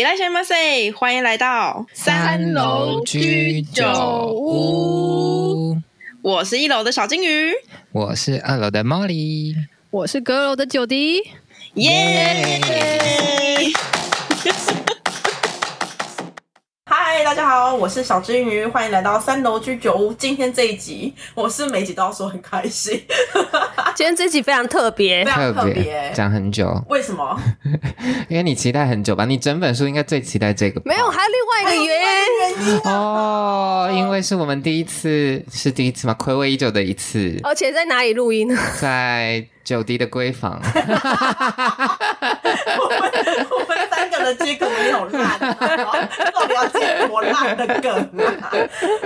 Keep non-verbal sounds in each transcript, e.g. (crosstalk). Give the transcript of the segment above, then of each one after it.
いらっしゃいませ！歡迎來到三樓居酒屋。我是一樓的小金魚，我是二樓的 Mori，我是閣樓的久迪，耶、yeah!！大家好，我是小金魚，歡迎來到三樓居酒屋。今天這一集，我是每一集都要說很開心。 (laughs) 今天這集非常特別，特別講很久。為什麼？ (laughs) 因為你期待很久吧？你整本書應該最期待這個。沒有，還有另外一個原因、啊、哦，因為是我們第一次，是第一次嗎？暌違已久的一次。而且在哪裡錄音？在久迪的閨房。 (laughs) (laughs) (laughs) (laughs) 這個沒有爛，然後不了解多爛的梗、啊。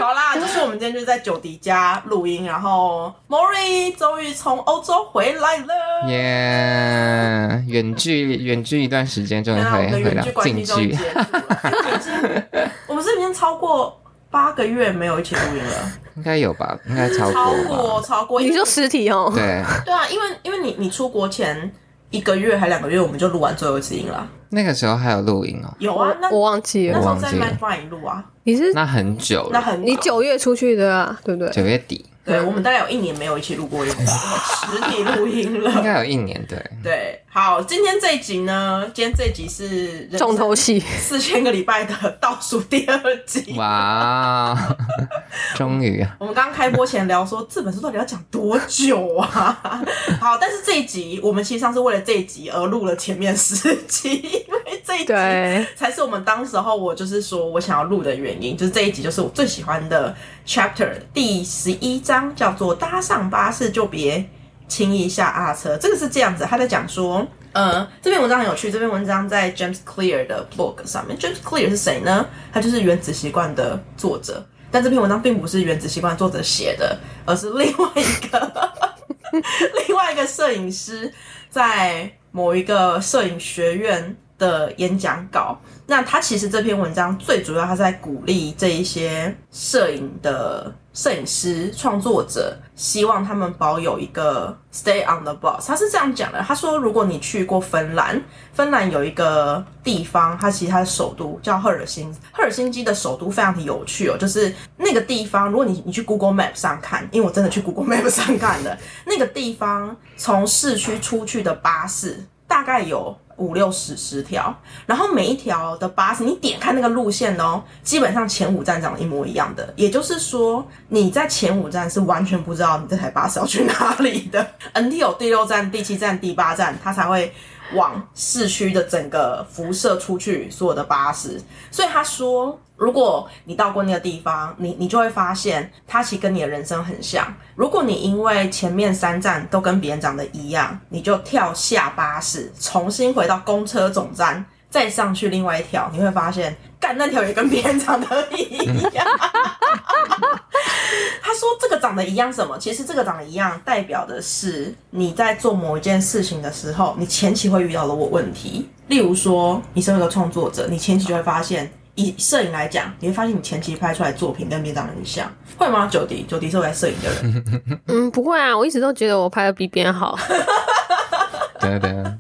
好啦，就是我們今天就在九迪家錄音，然後 Mori 終於從歐洲回來了。Yeah，遠距遠距一段時間終於回回來了，近距離。我們這邊 (laughs) 超過八個月沒有一起錄音了，應該有吧？應該超超過超過，超過你說實體哦？對對啊，因為因為你你出國前一個月還兩個月，我們就錄完最後一次音了。那個時候還有錄音哦、喔，有啊，那我忘記了，那時候，在麥飯裡錄啊。你是那很久了，那很久了，你九月出去的，啊，對不對？九月底，對，我們大概有一年沒有一起錄過一次、 (laughs) 哦、實體錄音了，應該有一年，對對。好，今天這一集呢，今天這一集是重頭戲，四千個禮拜的倒數第二集，哇、哦。 (laughs) 終於、啊，我們剛剛開播前聊說，這本書到底要講多久啊？ (laughs) 好，但是這一集我們其實上是為了這一集而錄了前面十集，因為這一集才是我們當時候我就是說我想要錄的原因，就是這一集就是我最喜歡的 chapter 第十一章，叫做搭上巴士就別輕易下阿車。這個是這樣子，他在講說，嗯、呃，這篇文章很有趣，這篇文章在 James Clear 的 book 上面，James Clear 是誰呢？他就是《原子習慣》的作者。但這篇文章並不是原子習慣作者寫的，而是另外一個 (laughs) 另外一個攝影師在某一個攝影學院的演講稿，那他其實這篇文章最主要，他在鼓勵這一些攝影的攝影師創作者，希望他們保有一個 stay on the bus。他是這樣講的，他說如果你去過芬蘭，芬蘭有一個地方，它其實它的首都叫赫爾辛，赫爾辛基的首都非常的有趣哦，就是那個地方，如果你你去 Google Maps 上看，因為我真的去 Google Maps 上看了， (laughs) 那個地方從市區出去的巴士大概有。五六十十條，然後每一條的巴士，你點開那個路線哦，基本上前五站長得一模一樣的，也就是說你在前五站是完全不知道你這台巴士要去哪裡的，until 第六站、第七站、第八站，它才會。往市區的整個輻射出去，所有的巴士。所以他說，如果你到過那個地方，你你就會發現，它其實跟你的人生很像。如果你因為前面三站都跟別人長得一樣，你就跳下巴士，重新回到公車總站，再上去另外一條，你會發現。但那條也跟別人長得一樣， (laughs) (laughs) 他說，這個長得一樣什麼？其實這個長得一樣，代表的是你在做某一件事情的時候，你前期會遇到了我問題。例如說，你身為一個創作者，你前期就會發現，以攝影來講，你會發現你前期拍出來的作品跟別人長得很像，會嗎？久迪，久迪是我在攝影的人，嗯，不會啊，我一直都覺得我拍的比別人好。 (laughs)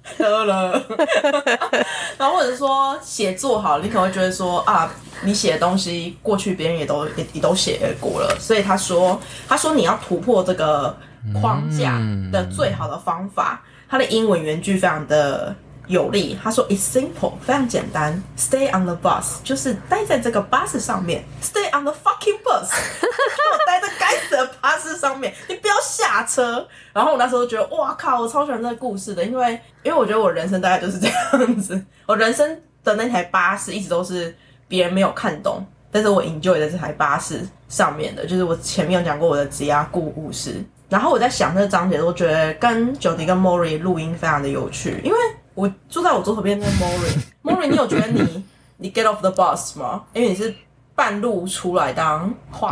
然 (laughs) 後或者說寫作好，你可能會覺得說啊，你寫的東西過去別人也都也，也都寫過了，所以他說，他說你要突破這個框架的最好的方法，他、嗯、的英文原句非常的。有力，他說 "It's simple，非常簡單。Stay on the bus，就是待在這個巴士上面。Stay on the fucking bus，就 (laughs) 待在該死的巴士上面。你不要下車。然後我那時候覺得，哇靠，我超喜歡這個故事的，因為因為我覺得我人生大概就是這樣子。我人生的那台巴士一直都是別人沒有看懂，但是我 enjoy 的這台巴士上面的，就是我前面有講過我的解壓故故事。然後我在想這個章節，我覺得跟久迪跟 Mori 錄音非常的有趣，因為。我坐在我左手邊那個 Mori，Mori， (laughs) 你有覺得你你 get off the bus 嗎？因為你是半路出來當畫、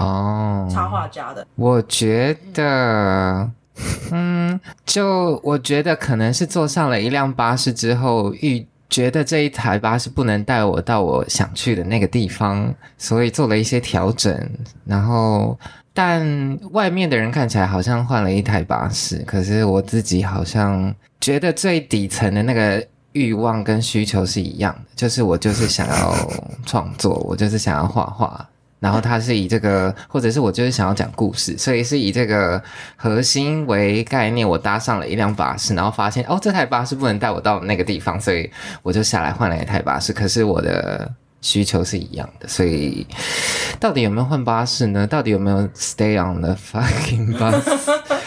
oh, 插畫家的。我覺得嗯，嗯，就我覺得可能是坐上了一輛巴士之後遇。覺得這一台巴士不能帶我到我想去的那個地方，所以做了一些調整，然後，但外面的人看起來好像換了一台巴士，可是我自己好像覺得最底層的那個慾望跟需求是一樣的，就是我就是想要創作，我就是想要畫畫。然後他是以這個，或者是我就是想要講故事，所以是以這個核心為概念。我搭上了一輛巴士，然後發現哦，這台巴士不能帶我到那個地方，所以我就下來換了一台巴士。可是我的需求是一樣的，所以到底有沒有換巴士呢？到底有沒有 stay on the fucking bus？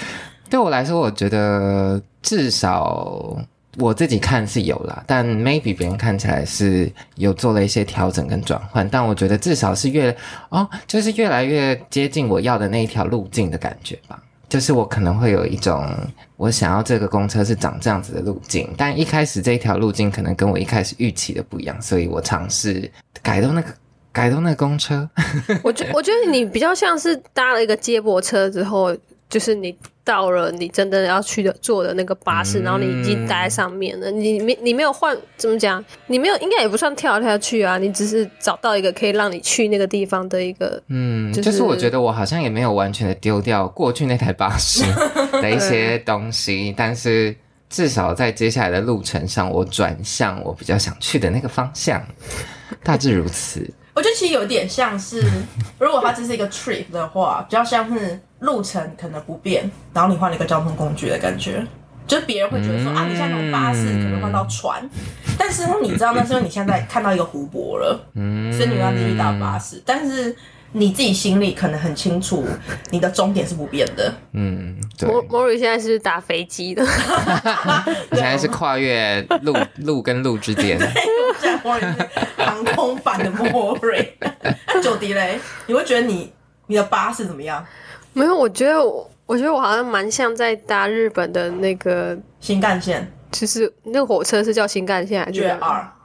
(laughs) 對我來說，我覺得至少。我自己看是有啦，但 maybe 別人看起來是有做了一些調整跟轉換，但我覺得至少是越哦，就是越來越接近我要的那一條路徑的感覺吧。就是我可能會有一種我想要這個公車是長這樣子的路徑，但一開始這一條路徑可能跟我一開始預期的不一樣，所以我嘗試改動那個改動那個公車。 (laughs) 我覺得我覺得你比較像是搭了一個接駁車之後。就是你到了，你真的要去的坐的那個巴士，嗯、然後你已經待在上面了。你沒你沒有換，怎麼講？你沒有，你沒有應該也不算跳來跳去啊，你只是找到一個可以讓你去那個地方的一個。嗯，就是、就是、我覺得我好像也沒有完全的丟掉過去那台巴士的一些東西， (laughs) 但是至少在接下來的路程上，我轉向我比較想去的那個方向，大致如此。我覺得其實有點像是，如果它這是一個 trip 的話，比較像是路程可能不變，然後你換了一個交通工具的感覺。就別人會覺得說、嗯、啊，你像在從巴士可能換到船，但是你知道，那時候你現在看到一個湖泊了，嗯、所以你要滴一到巴士，但是。你自己心裡可能很清楚，你的終點是不變的。嗯，Mori 現在是打飛機的， (laughs) 你現在是跨越陸 (laughs) 陸跟陸之間。 (laughs) 現在 Mori 航空版的 Mori 就地雷， (laughs) (laughs) (laughs) 你會覺得你你的巴士怎麼樣？沒有，我覺得我我覺得我好像蠻像在搭日本的那個新幹線。其實那個火車是叫新幹線還是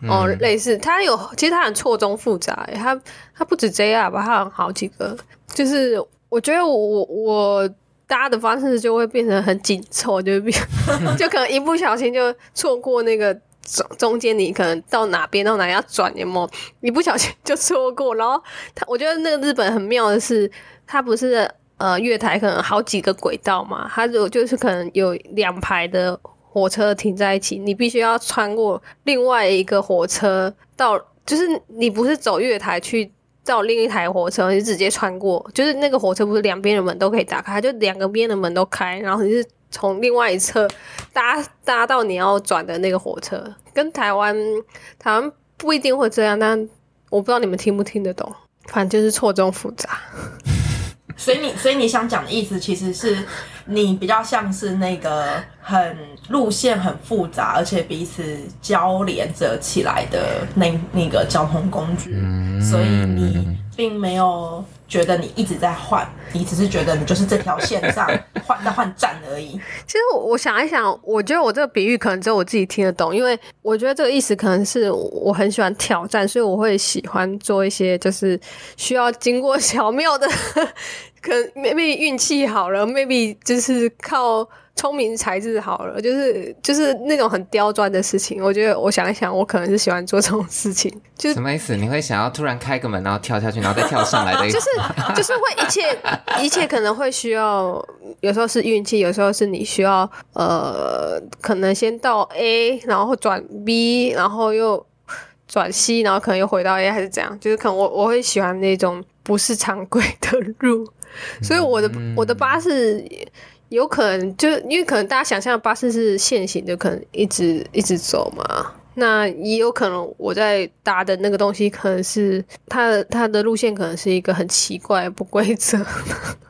哦、嗯，類似它有，其實它很錯綜複雜。它它不止 JR 吧，它有好幾個。就是我覺得我我，我搭的方式就會變成很緊湊，就會、是、變， (laughs) 就可能一不小心就錯過那個中中間，你可能到哪邊到哪要轉，有沒有一不小心就錯過。然後它，我覺得那個日本很妙的是，它不是呃月台可能好幾個軌道嘛，它就就是可能有兩排的。火車停在一起，你必須要穿過另外一個火車到，就是你不是走月台去到另一台火車，你直接穿過，就是那個火車不是兩邊的門都可以打開，就兩個邊的門都開，然後你是從另外一側搭搭到你要轉的那個火車。跟台灣台灣不一定會這樣，但我不知道你們聽不聽得懂，反正就是錯綜複雜。 (laughs) 所以你，所以你想講的意思，其實是你比較像是那個很路線很複雜，而且彼此交連着起來的那那個交通工具。所以你並沒有覺得你一直在換，你只是覺得你就是這條線上換到換站而已。其實我我想一想，我覺得我這個比喻可能只有我自己聽得懂，因為我覺得這個意思可能是我很喜歡挑戰，所以我會喜歡做一些就是需要經過巧妙的。 (laughs) 可能 maybe 運氣好了，maybe 就是靠聰明才智好了，就是就是那種很刁鑽的事情。我覺得我想一想，我可能是喜歡做這種事情，就是。什麼意思？你會想要突然開個門，然後跳下去，然後再跳上來的意思。就是就是會一切一切可能會需要，有時候是運氣，有時候是你需要呃，可能先到 A，然後轉 B，然後又轉 C，然後可能又回到 A 還是怎樣？就是可能我我會喜歡那種不是常規的路。所以我的、嗯嗯、我的巴士有可能就因為，可能大家想象巴士是線型的，就可能一直一直走嘛。那也有可能我在搭的那個東西，可能是它的它的路線，可能是一個很奇怪不規則。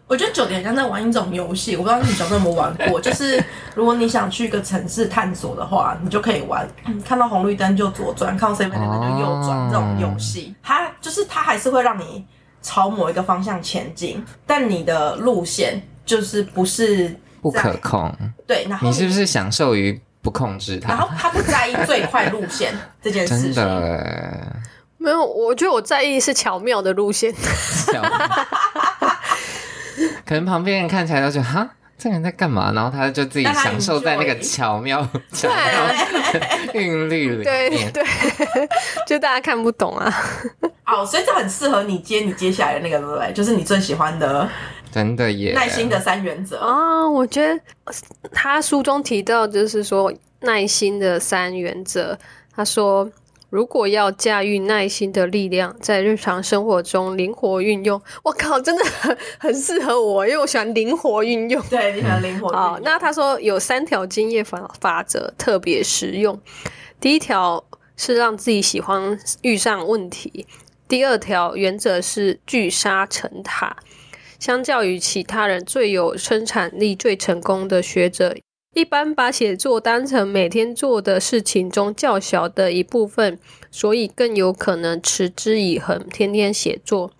我覺得久迪像在玩一種遊戲。我不知道是不是你小時候有沒有玩過， (laughs) 就是如果你想去一個城市探索的話，你就可以玩，嗯、看到紅綠燈就左轉，看到三邊那個就右轉、啊、這種遊戲。它就是它還是會讓你。朝某一個方向前進，但你的路線就是不是不可控。對，那你是不是享受於不控制它？然後他不在意最快路線 (laughs) 這件事。真的，沒有，我覺得我在意是巧妙的路線。巧妙 (laughs) 可能旁邊人看起來都覺得哈，這人在幹嘛？然後他就自己享受在那個巧妙 (laughs) 巧妙的韻律裡面。對,對，就大家看不懂啊。哦，所以這很適合你接你接下來的那個，對不對？就是你最喜歡的。真的耶，耐心的三原則啊！我覺得他書中提到，就是說耐心的三原則。他說，如果要駕馭耐心的力量，在日常生活中靈活運用，我靠，真的很很適合我，因為我喜歡靈活運用。對，你喜歡靈活運用。嗯。哦，那他說有三條經驗法法則特別實用。第一條是讓自己喜歡遇上問題。第二條原則是聚沙成塔。相較於其他人最有生產力、最成功的學者，一般把寫作當成每天做的事情中較小的一部分，所以更有可能持之以恆，天天寫作。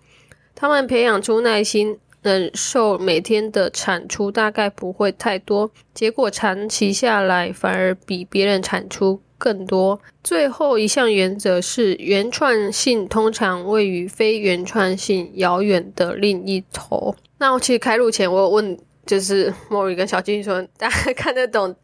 他們培養出耐心，忍受每天的產出大概不會太多，結果長期下來，反而比別人產出。更多，最後一項原則是原創性，通常位於非原創性遙遠的另一頭。那我其實開錄前，我有問就是 Mori 跟小金魚說，大家看得懂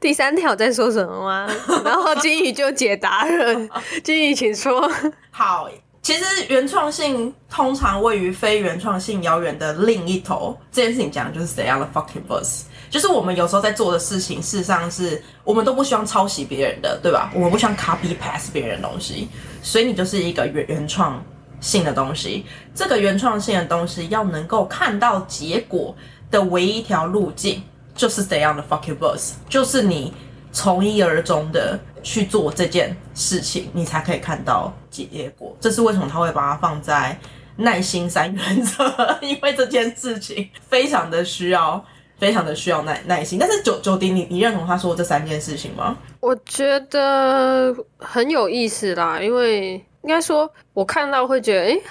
第三條在說什麼嗎？然後金魚就解答了， (laughs) 金魚請說。好。其實原創性通常位於非原創性遙遠的另一頭。這件事情講的就是 stay on the fucking bus。就是我們有時候在做的事情，事實上是我們都不希望抄襲別人的，對吧？我們不希望 copy paste 別人的東西，所以你就是一個原原創性的東西。這個原創性的東西要能夠看到結果的唯一一條路徑，就是 stay on the fucking bus。就是你從一而終的去做這件事情，你才可以看到。結果，這是為什麼他會把它放在耐心三原則？因為這件事情非常的需要，非常的需要耐耐心。但是久迪，你你認同他說的這三件事情嗎？我覺得很有意思啦，因為應該說我看到會覺得，誒、欸。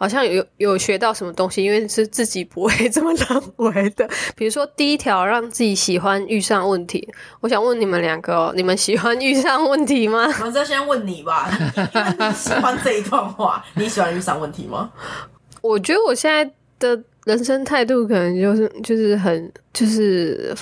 好像有有學到什麼東西，因為是自己不會這麼認為的。比如說第一條，讓自己喜歡遇上問題。我想問你們兩個哦、喔，你們喜歡遇上問題嗎？我現在先問你吧， (laughs) 你喜歡這一段話？你喜歡遇上問題嗎？ (laughs) 我覺得我現在的人生態度，可能就是就是很就是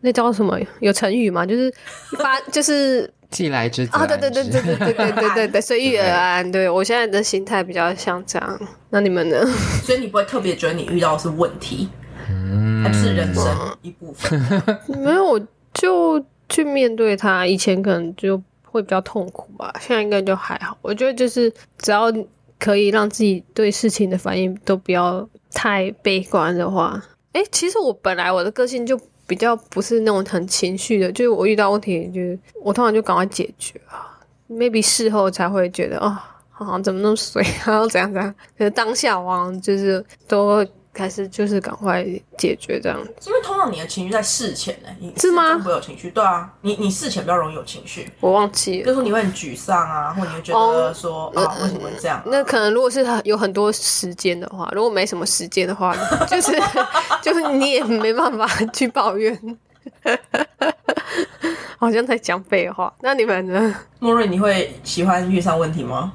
那叫什麼？有成語嘛？就是發就是。 (laughs) 既來之啊、哦，對對對對對對對對，隨 (laughs) 遇而安。對，對我現在的心態比較像這樣。那你們呢？所以你不會特別覺得你遇到的是問題，嗯、還是人生一部分？啊、 (laughs) 沒有，我就去面對它。以前可能就會比較痛苦吧，現在應該就還好。我覺得就是只要可以讓自己對事情的反應都不要太悲觀的話，哎，其實我本來我的個性就。比較不是那種很情緒的，就是我遇到問題，就是我通常就趕快解決啊。maybe 事後才會覺得、哦、啊，好像怎麼那麼水，然後怎樣怎樣。可是當下我好像就是都。開始就是趕快解決這樣子，是因為通常你的情緒在事前呢？欸，是嗎？會有情緒，對啊，你你事前比較容易有情緒。我忘記了，就是說你會很沮喪啊，或你會覺得說啊、oh, 哦嗯，為什麼會這樣啊？那可能如果是有很多時間的話，如果沒什麼時間的話，就是 (laughs) (laughs) 就是你也沒辦法去抱怨， (laughs) 好像在講廢話。那你們呢，莫瑞，你會喜歡遇上問題嗎？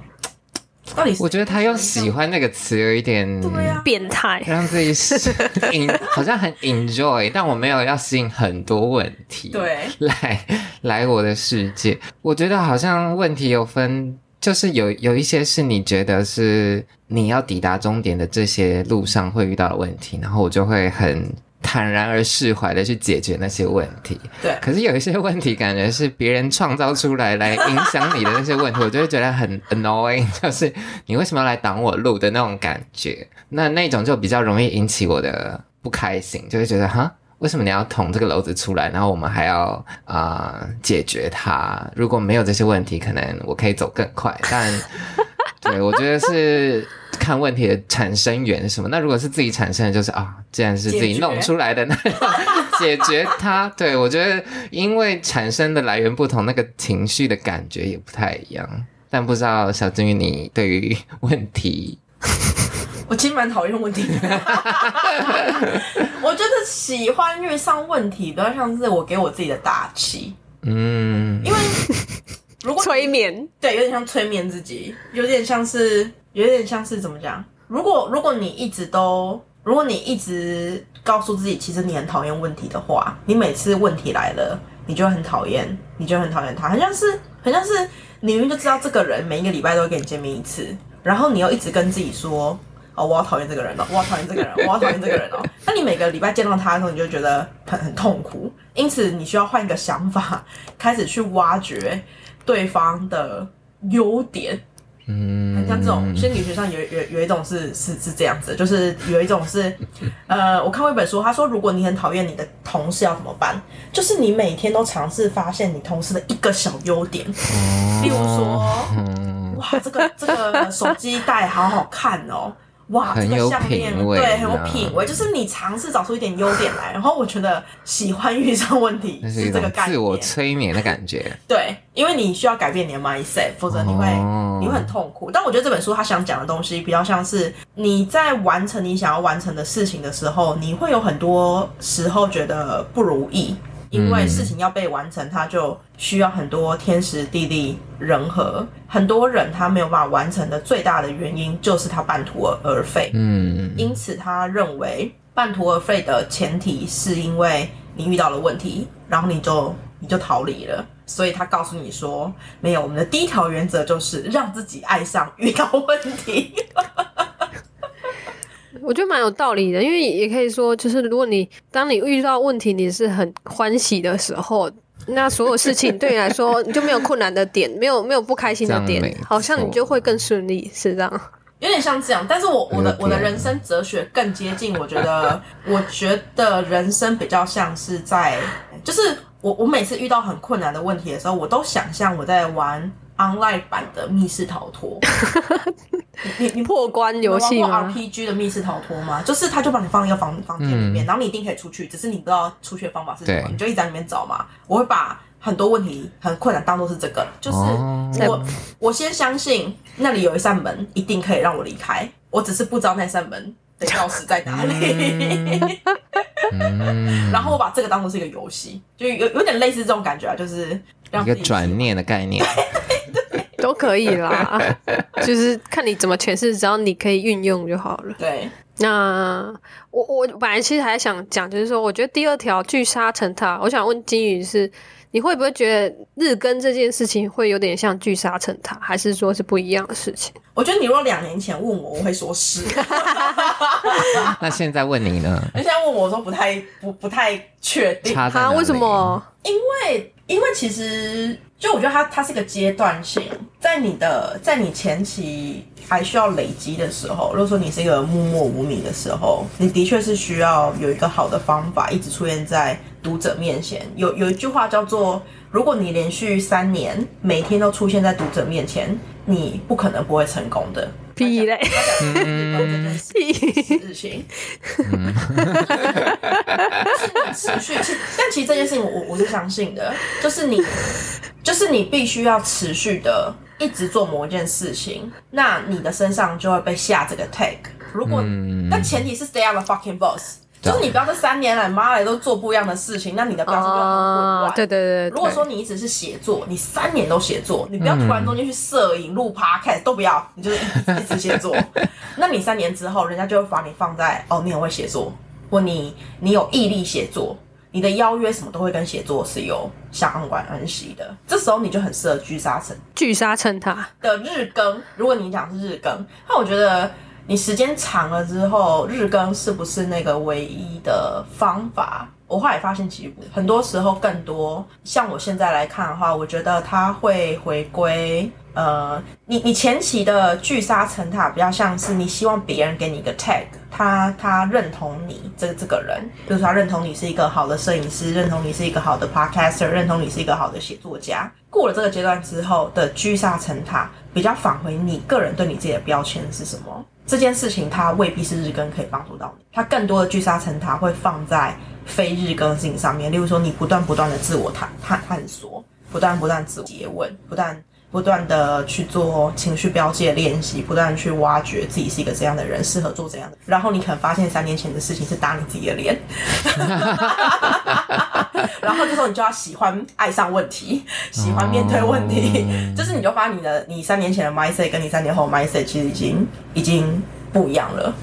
我覺得他用喜歡那個詞有一點變態，讓自己引、啊、 (laughs) 好像很 enjoy，但我沒有要吸引很多問題，對，來來我的世界，我覺得好像問題有分，就是有有一些是你覺得是你要抵達終點的這些路上會遇到的問題，然後我就會很。坦然而釋懷的去解決那些問題。對，可是有一些問題，感覺是別人創造出來來影響你的那些問題， (laughs) 我就會覺得很 annoying，就是你為什麼要來擋我路的那種感覺？那那種就比較容易引起我的不開心，就會覺得哈，為什麼你要捅這個簍子出來？然後我們還要啊、呃、解決它？如果沒有這些問題，可能我可以走更快。但，對，我覺得是。看問題的產生源是什麼？那如果是自己產生的，就是啊，既然是自己弄出來的那解決，解，決 (laughs) 解決它。對，我覺得，因為產生的來源不同，那個情緒的感覺也不太一樣。但不知道小金魚，你對於問題，我其實蠻討厭問題的。 (laughs) (laughs) 我覺得喜歡遇上問題，不要像是我給我自己的打氣。嗯，因為如果催眠對，有點像催眠自己，有點像是。有點像是怎麼講？如果如果你一直都，如果你一直告訴自己，其實你很討厭問題的話，你每次問題來了，你就會很討厭，你就會很討厭他，好像是，好像是，你明明就知道這個人每一個禮拜都會跟你見面一次，然後你又一直跟自己說，哦，我要討厭這個人哦，我要討厭這個人，我要討厭這個人哦，那 (laughs) 你每個禮拜見到他的時候，你就覺得很很痛苦，因此你需要換一個想法，開始去挖掘對方的優點。嗯，像這種心理學上有有有一種是是是這樣子，就是有一種是，呃，我看過一本書，他說如果你很討厭你的同事要怎麼辦？就是你每天都嘗試發現你同事的一個小優點，例如說，哇，這個這個手機袋好好看哦。哇，很有品味呢，這個，對，很有品味，就是你嘗試找出一點優點來， (laughs) 然後我覺得喜歡遇上問題是這個概念。是自我催眠的感覺。 (laughs) 對，因為你需要改變你的 mindset，否則你會，哦，你會很痛苦。但我覺得這本書他想講的東西比較像是你在完成你想要完成的事情的時候，你會有很多時候覺得不如意。因為事情要被完成，他就需要很多天時地利人和。很多人他沒有辦法完成的最大的原因就是他半途而廢。嗯，因此他認為半途而廢的前提是因為你遇到了問題，然後你就你就逃離了。所以他告訴你說：“沒有，我們的第一條原則就是讓自己愛上遇到問題。 (laughs) ”我覺得蠻有道理的，因為也可以說，就是如果你當你遇到問題，你是很歡喜的時候，那所有事情對你來說，你就沒有困難的點， (laughs) 沒有沒有不開心的點，好像你就會更順利，是這樣。有點像這樣，但是我我的我的人生哲學更接近，我覺得 (laughs) 我覺得人生比較像是在，就是我我每次遇到很困難的問題的時候，我都想象我在玩。online 版的密室逃脫， (laughs) 你你破關遊戲嗎？RPG 的密室逃脫嗎？就是他就把你放在一個房房間裡面、嗯，然後你一定可以出去，只是你不知道出去的方法是什麼，對，你就一直在裡面找嘛。我會把很多問題很困難當作是這個，就是我、哦、我，我先相信那裡有一扇門，一定可以讓我離開，我只是不知道那扇門的鑰匙在哪裡。嗯 (laughs) (laughs) 嗯、 (laughs) 然後我把這個當作是一個遊戲，就有有點類似這種感覺啊，就是讓一個轉念的概念。 (laughs) 都可以啦， (laughs) 就是看你怎麼詮釋，只要你可以運用就好了。對，那我我本來其實還想講，就是說，我覺得第二條聚沙成塔，我想問金魚是，你會不會覺得日更這件事情會有點像聚沙成塔，還是說是不一樣的事情？我覺得你若兩年前問我，我會說是。 (laughs) (laughs) (laughs) 那現在問你呢？現在問我說不太不不太確定，他、啊、為什麼？因為因為其實。就我覺得它它是一個階段性，在你的在你前期還需要累積的時候，如果說你是一個默默無名的時候，你的確是需要有一個好的方法，一直出現在讀者面前。有有一句話叫做，如果你連續三年每天都出現在讀者面前，你不可能不會成功的。屁嘞，這件事情，哈哈哈哈，持續。是但其實這件事情我我是相信的，就是你，就是你必須要持續的一直做某件事情，那你的身上就會被下這個 tag。如果但、嗯、前提是 stay on the fucking bus。就是你不要這三年來，媽來都做不一樣的事情，那你的標籤就很混亂，哦。對對對，對。如果說你一直是寫作，你三年都寫作，你不要突然中間去攝影、錄趴，看都不要，你就是一直寫作。 (laughs) 那你三年之後，人家就會把你放在哦，你很會寫作，或你你有毅力寫作，你的邀約什麼都會跟寫作是有相關關係的。這時候你就很適合聚沙成聚沙成塔的日更。如果你講是日更，那我覺得。你時間長了之後，日更是不是那個唯一的方法？我後來發現其實很多時候更多，像我現在來看的話，我覺得他會回歸。呃，你你前期的聚沙成塔比較像是你希望別人給你一個 tag，他他認同你這這個人，就是他認同你是一個好的攝影師，認同你是一個好的 podcaster，認同你是一個好的寫作家。過了這個階段之後的聚沙成塔，比較返回你個人對你自己的標籤是什麼？這件事情，它未必是日更可以幫助到你，它更多的聚沙成塔會放在非日更的事情上面，例如說你不斷不斷的自我探探探索，不斷不斷自我提問，不斷，不斷的去做情緒標記的練習，不斷去挖掘自己是一個怎樣的人，適合做怎樣的。然後你可能發現三年前的事情是打你自己的臉。 (laughs) (laughs) 然後這時候你就要喜歡愛上問題，喜歡面對問題，就、oh. 是你就發現你的你三年前的 mindset 跟你三年後 mindset 其實已經已經不一樣了。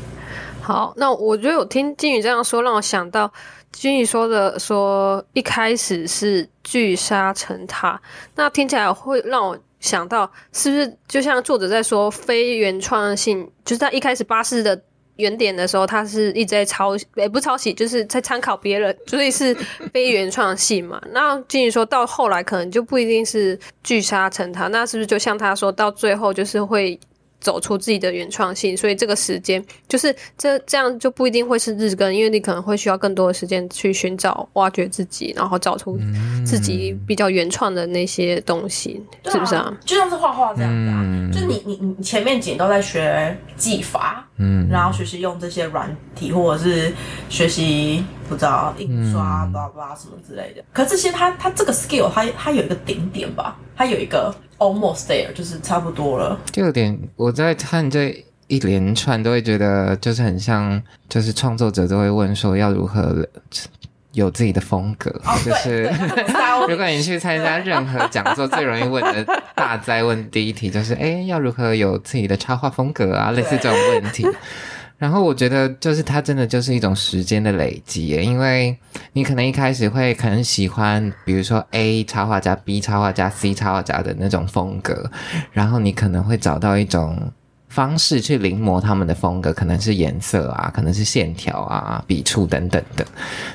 好，那我覺得我聽金魚這樣說，讓我想到金魚說的說，一開始是聚沙成塔，那聽起來會讓我。想到是不是就像作者在說非原創性，就是他一開始巴士的原點的時候，他是一直在抄，誒、欸、不是抄襲，就是在參考別人，所以是非原創性嘛。那繼續說到後來，可能就不一定是聚沙成塔，那是不是就像他說到最後就是會？走出自己的原創性，所以這個時間就是這這樣就不一定會是日更，因為你可能會需要更多的時間去尋找、挖掘自己，然後找出自己比較原創的那些東西，嗯、是不是啊？就像是畫畫這樣子、嗯、啊，就你你你前面幾年都在學技法，嗯，然後學習用這些軟體或者是學習。不知道印刷吧吧什麼之類的，嗯、可是這些它它這個 skill 它它有一個頂點吧，它有一個 almost there，就是差不多了。這個點我在看這一連串都會覺得就是很像，就是創作者都會問說要如何有自己的風格。哦、就是 (laughs) 對 (laughs) 如果你去參加任何講座，最容易問的大哉 (laughs) 問第一題就是哎、欸，要如何有自己的插畫風格啊？類似這種問題。 (laughs) 然後我覺得，就是它真的就是一種時間的累積，因為你可能一開始會可能喜歡，比如說 A 插畫家、B 插畫家、C 插畫家的那種風格，然後你可能會找到一種方式去臨摹他們的風格，可能是顏色啊，可能是線條啊、筆觸等等的。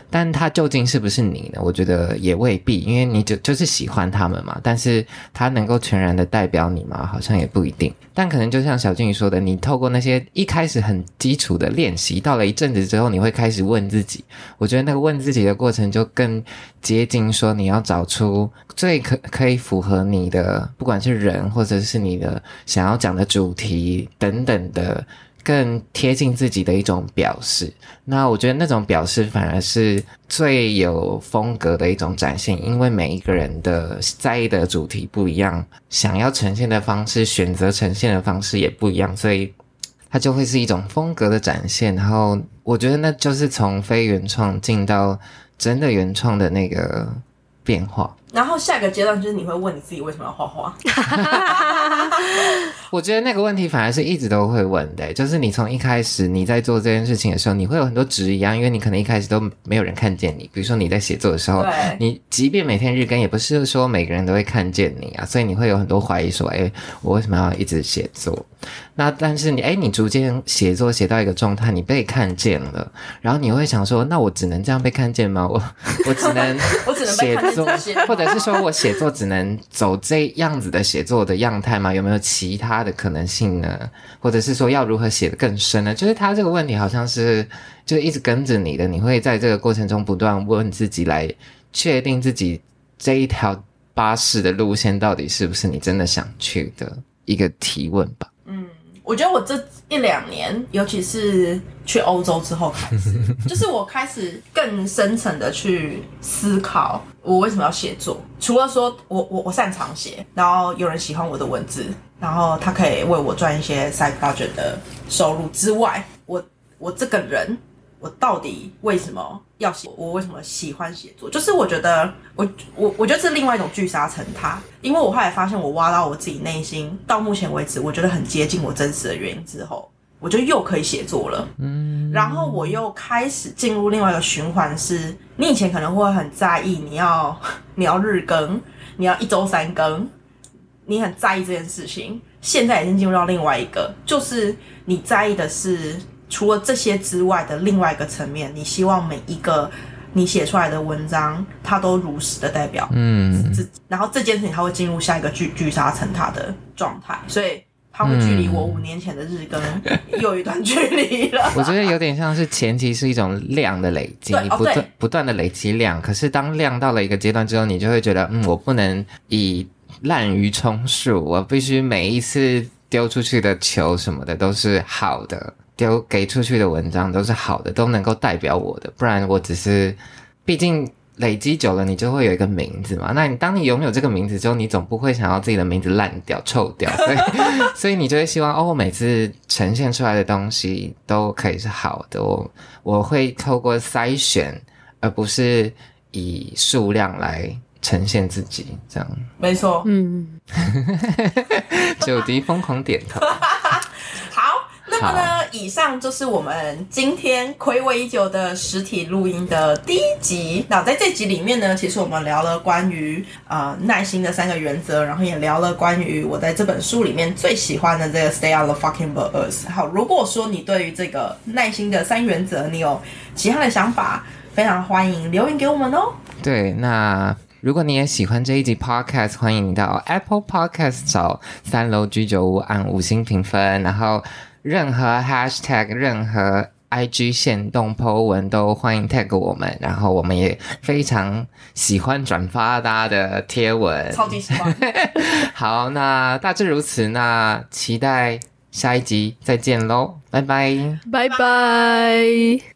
但他究竟是不是你呢？我覺得也未必，因為你就就是喜歡他們嘛。但是他能夠全然的代表你嗎？好像也不一定。但可能就像小金魚說的，你透過那些一開始很基礎的練習，到了一陣子之後，你會開始問自己。我覺得那個問自己的過程，就更接近說你要找出最可可以符合你的，不管是人或者是你的想要講的主題。等等的，更貼近自己的一種表示。那我覺得那種表示反而是最有風格的一種展現，因為每一個人的在意的主題不一樣，想要呈現的方式、選擇呈現的方式也不一樣，所以它就會是一種風格的展現。然後我覺得那就是從非原創進到真的原創的那個變化。然後下一個階段就是你會問你自己為什麼要畫畫？我覺得那個問題反而是一直都會問的，欸，就是你從一開始你在做這件事情的時候，你會有很多質疑啊，因為你可能一開始都沒有人看見你。比如說你在寫作的時候，你即便每天日更，也不是說每個人都會看見你啊，所以你會有很多懷疑，說：“哎，欸，我為什麼要一直寫作？”那但是你哎，欸，你逐漸寫作寫到一個狀態，你被看見了，然後你會想說：“那我只能這樣被看見嗎？我我只能 (laughs) 我只能寫作，或者。” (laughs) 還是說，我寫作只能走這樣子的寫作的樣態嗎？有沒有其他的可能性呢？或者是說，要如何寫得更深呢？就是他這個問題好像是就一直跟着你的，你會在這個過程中不斷問自己，來確定自己這一條巴士的路線到底是不是你真的想去的一個提問吧。我覺得我這一兩年，尤其是去歐洲之後開始，就是我開始更深層的去思考，我為什麼要寫作。除了說我我我擅長寫，然後有人喜歡我的文字，然後他可以為我賺一些 side project 的收入之外，我我這個人。我到底為什麼要寫？我為什麼喜歡寫作？就是我覺得，我我我覺得是另外一種聚沙成塔。因為我後來發現，我挖到我自己內心，到目前為止，我覺得很接近我真實的原因之後，我就又可以寫作了。嗯，然後我又開始進入另外一個循環，是你以前可能會很在意，你要你要日更，你要一周三更，你很在意這件事情，現在已經進入到另外一個，就是你在意的是。除了這些之外的另外一個層面，你希望每一個你寫出來的文章，它都如實的代表自己，嗯，然後這件事情它會進入下一個聚聚沙成塔的狀態，所以它會距離我五年前的日更又一段距離了，嗯。 (laughs) (laughs) 我覺得有點像是前期是一種量的累積，你不斷、哦、不斷的累積量，可是當量到了一個階段之後，你就會覺得嗯，我不能以濫竽充數，我必須每一次丟出去的球什麼的都是好的。丟給出去的文章都是好的，都能夠代表我的，不然我只是，畢竟累積久了，你就會有一個名字嘛。那你當你擁有這個名字之後，你總不會想要自己的名字爛掉、臭掉，所以所以你就會希望，哦，我每次呈現出來的東西都可以是好的。我我會透過篩選，而不是以數量來呈現自己，這樣沒錯。嗯，久迪瘋狂點頭。這個呢，以上就是我們今天睽違已久的實體錄音的第一集。那在這集裡面呢，其實我們聊了關於呃耐心的三個原則，然後也聊了關於我在這本書裡面最喜歡的這個 Stay on the fucking bus。好，如果說你對於這個耐心的三原則，你有其他的想法，非常歡迎留言給我們哦。對，那如果你也喜歡這一集 Podcast，歡迎你到 Apple Podcast 找三樓居酒屋按五星評分，然後。任何 hashtag，任何 IG 限動 po 文都歡迎 tag 我們，然後我們也非常喜歡轉發大家的貼文，超級喜歡。 (laughs) 好，那大致如此，那期待下一集再見嘍，拜拜，拜拜。Bye bye